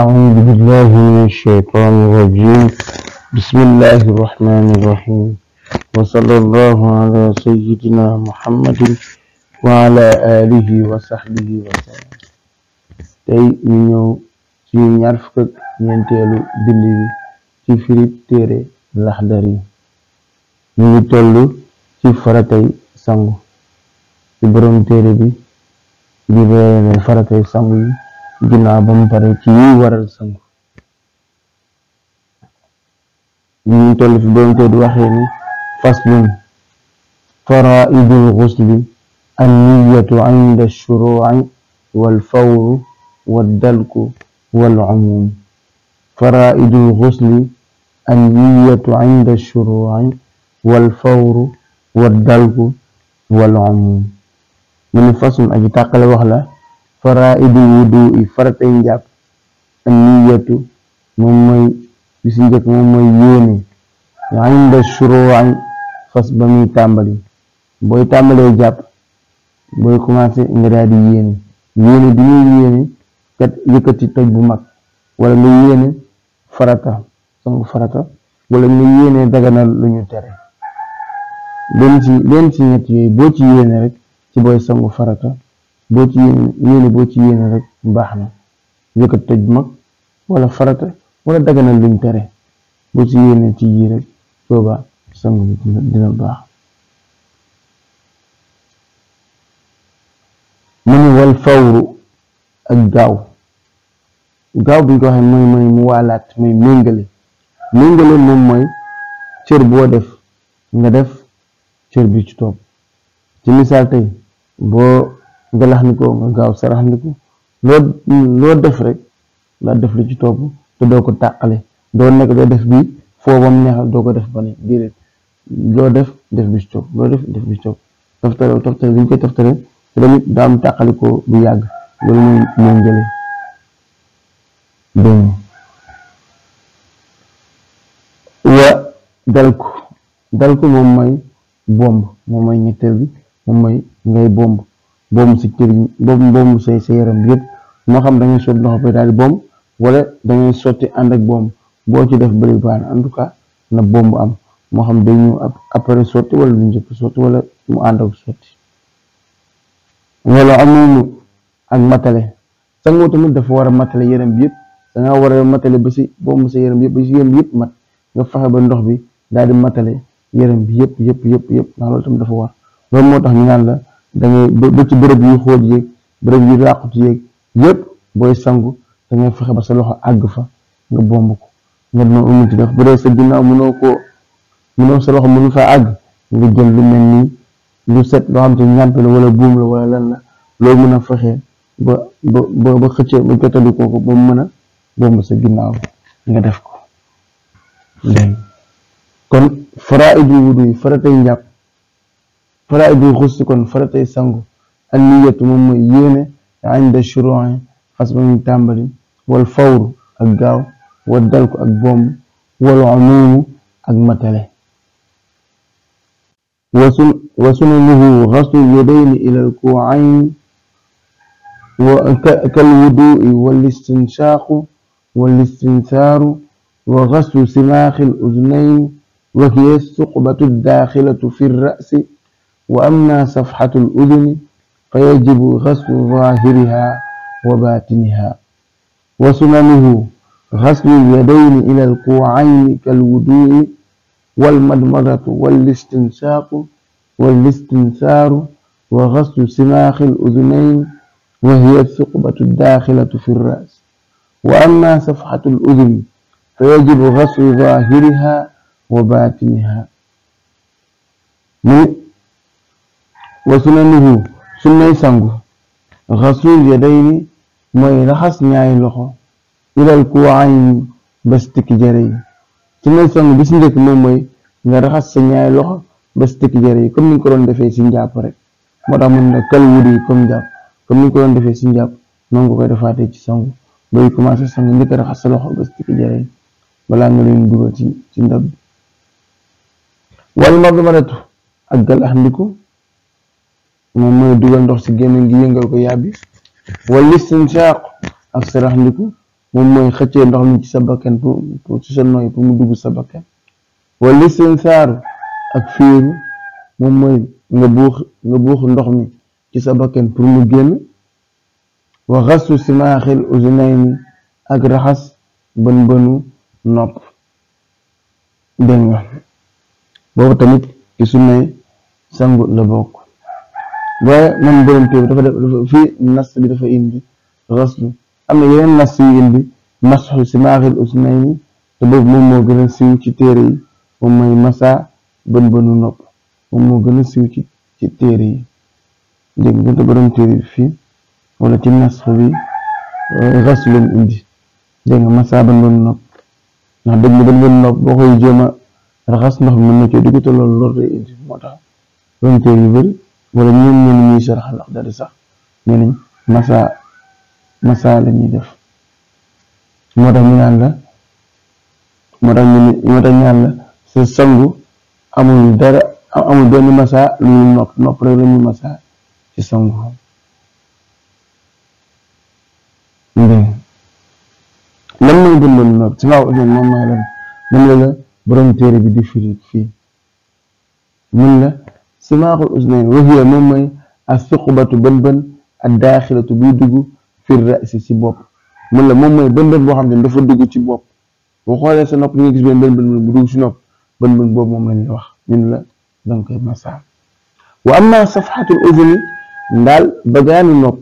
أعوذ بالله من الشيطان الرجيم بسم الله الرحمن الرحيم وصلى الله على سيدنا محمد وعلى آله وصحبه tey ñu ñëw ci ñaar fukk ak ñeenteelu bind bi ci firib téere Laxdari ñu ngi toll ci faratay sangu ci borom téere bi di bayaane sangu yi gi laabam pare ci yiy waral sangu ñu toll fi doon ko di waxee ni faslun faraidul xusli an niyatu inda shuruci wal fawru wal dalku wal umum faraidul xusli an niyatu inda shuruci wal fawru wal dalku wal umum mu ne faslun aji tàqale wax la faraidu wudu yi faratay njàpp ak niyatu moom mooy bi njëkk moom mooy yéene inda shuruu'i fas ba muy tàmbali booy tàmbalee jàpp booy commencé nga daal yéene yéene bi ñuy yéene kat yëkkati toj bu mag wala nga yéene farata sangu farata wala nga yéene daganal lu ñu tere benn ci benn ci ñett yooyu boo ci yéene rek ci booy sangu farata boo ci yéene yéene boo ci yéene rek baax na yëkkat tëj mag wala farata wala daganal luñ tere boo ci yéene ci yii rek boobaa sangu bi dina baax mu ni wal fawru ak gaaw gaaw bi ñu ko waxee mooy mooy mu waalaat mooy méngale méngale moom mooy cër boo def nga def cër bi ci toog ci misaal tey boo nga laxandikoo nga gaaw saraxandiku loo loo def rek la def lu ci topp te doo ko tàqale doo nekk doo def bi foo bam neexal doo ko def ba loo def def bi ci topp loo def def bi ci topp toftale bi ñu koy toftale te tamit daa am tàqalikoo bu yàgg loolu mooy mooy njëlee dégg wa dalku dalku moom mooy bomb moom mooy ñetteel bi moom mooy ngay bomb boom sa cër boom boom sa sa yaram yëpp moo xam da ngay sotti ndox ba daal di boom wala da ngay sotti ànd ak boom boo ci def bëri baax na en tout cas na boom bu am moo xam day ñëw après sotti wala du mu ànd ak sotti loolu am nañu ak matale sangoo tamit dafa war a matale yaram bi yëpp da ngaa war si boom sa yaram yëpp ba yëpp mat nga ba ndox bi daal di matale bi yëpp yëpp yëpp yëpp ndax loolu tamit dafa war loolu moo tax ñu la. da ngay ci bërëb yu xóot yéeg bërëb yu ràqut yéeg yépp booy sangu dangay ngay fexe ba sa loxo àgg fa nga bomb ko nga doon umu ci def bu dee sa ginnaaw mënoo koo sa loxo mënu fa àgg nga jël lu mel nii lu set loo xam la wala buum la wala len la loolu mën a fexee ba ba ba xëccee ba jotali ko ba mën a bomb sa ginnaaw nga def ko dégg kon faraa'idul wudu yi faratay njàpp faraidul xusli kon faratay sangu an niyatu moom mooy yéene inda shuruu'i xas ba muy tàmbali wal fawru ak gaaw wa dalku ak bomb wal umuumu ak matale wa sunanuhu xaslu yadayni ilal kuucayn kal wuduu'i wal istinsaaqu wal istinsaaru wa xaslu simaaxil uznayn wa hiya suqbatu daaxilatu fi ra'si وأما صفحة الأذن فيجب غسل ظاهرها وباطنها وسننه غسل اليدين إلى الكوعين كالوضوء والمضمضة والاستنشاق والاستنثار وغسل سماخ الأذنين وهي الثقبة الداخلة في الرأس وأما صفحة الأذن فيجب غسل ظاهرها وباطنها wa sunanuhu sunnay sangu xaslul yadayni mooy raxas ñaari loxo ilal kuwaayin ba si tëkki jëre yi sunnay sangu bi si njëkk moom mooy nga raxas sa ñaari loxo ba si tëkki jëre yi comme ni ko doon defee si njàpp rek moo tax mun na kal wudi comme comme ni ko doon defee si njàpp noonu nga koy defaatee ci sangu booy commencé sangu njëkk a raxas sa loxo ba si tëkki jëre yi balaa nga leen dugal ci ci ndab wal madmadatu ak galaxndiku moom mooy dugal ndox ci gémmiñ gi yëngal ko yàbbi wala listinshaaq ak saraxndiku moom mooy xëccee ndox mi ci sa bakkan pour pour sa noy pour mu dugg sa bakkan wala listinsaaru ak fiiru moom mooy nga ndox mi ci sa bakkan mu génn wa xasu simaaxil uzunayni ak raxas bën bënu nopp dégg nga boobu tamit ci sunnay sangu la bokk waaye moom borom téere bi dafa def fii nas bi dafa indi na yeneen nas yu indi si moo gën a siiw ci téere yi moom mooy masaa bën bënu nopp moom moo gën a siiw ci ci téere yi dégg nga te fii wala ci nasxu bi euh, masaa bën bënu nopp ndax dégg nga bën bënu nopp boo raxas ndox mën na cee dugg te loolu loolu lay indi moo tax borom téere yu bëri wala ñoom ñenn ñuy sarax al sax nee nañ masaa masaa def moo tax ñu la moo tax ñu la sa sangu amul dara amul benn masaa lu nopp nopp rek la ñuy ci sangu lan mooy gën loolu nopp si maaw moom mooy lan la borom téere bi di firi fii mun la simaaxul usnayn wa hiya moom mooy as-suqbatu bën bën ad-daaxilatu buy dugg fi rasi ci bopp mun la moom mooy bën bën boo xam ne dafa dugg ci bopp boo xoolee sa nopp li nga gis benn bën bën bu dugg ci nopp bën bën boobu moom la ñuy wax ñun la donc masa wa amma safxatul ndaal bagaanu nopp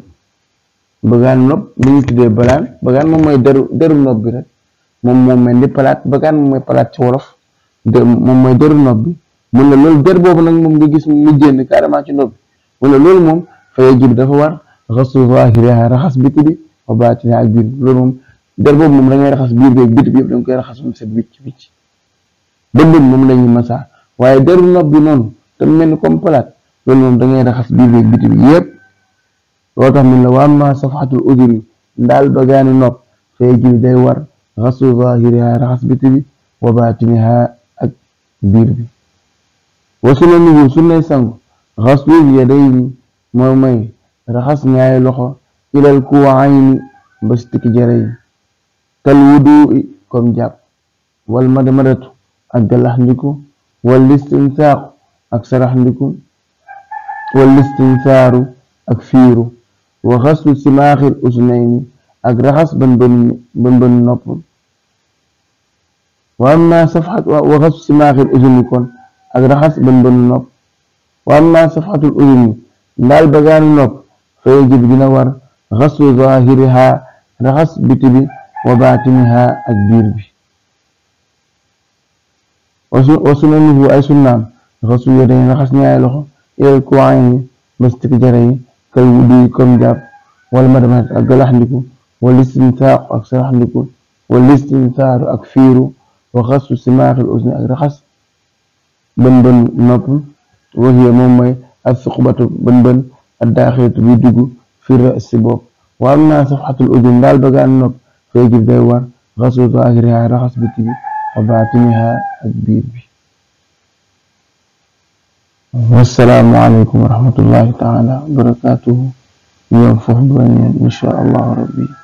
bagaanu nopp li tuddee balaan bagaan moom mooy deru deru bi rek moom moom mel ni mooy palaat ci moom mooy deru nopp bi mun na loolu der boobu nag moom nga gis mu génn carrément ci ndox bi mun na loolu moom fay jib dafa war raxasu zahiriha raxas biti bi wa baatiniha ak biir loolu moom moom da raxas biir da koy raxas mu set wicc wicc dënn bi moom masa waaye deru nopp bi noonu te mel ni comme palaat moom da ngay raxas biir beeg biti bi yëpp loolu tax mun la waa ma safaxatul uduni ndaal dogaani nopp fay jib day war raxasu zahiriha ak biir wasu na nuyu sunnay sangu xaslul yadayni moo may raxas ñaari loxo ilal kuwaayni ba si tikki jare yi kal wudu'i comme jàpp wal madamadatu ak galax ndiku wal istinsaaqu ak sarax ndiku wal istinsaaru ak fiiru wa xaslu simaaxil usnayni ak raxas ban ban nopp wa amma safxat wa xaslu simaaxil usni kon ak raxas bën bënu nopp wa amma safxatul uyuni ndaal bagaanu nopp fa yajib dina war raxas biti bi wa baatiniha ak biir bi wa sunanuhu ay sunnaam xaslu yadayn raxas ñaari loxo ilal kuwaayin bastik jara yi kal wuduy comme jàpp wal marmat ak galaxndiku wal istimtaaq ak saraxndiku wal istimtaaru ak fiiru wa raxas bën bën nopp waxiye moom mooy ak suqbatu bën bën ak daaxilatu bi dugg fira si bopp waaw naa safxatul ujum daal bagaan nopp fay gis day war xaslu zaahiriha raxas biti bi wa baatiniha ak biir bi wassalaamu aleykum wa rahmatullahi taala barakaatuhu ñoom foofu baneen insha allahu rabbi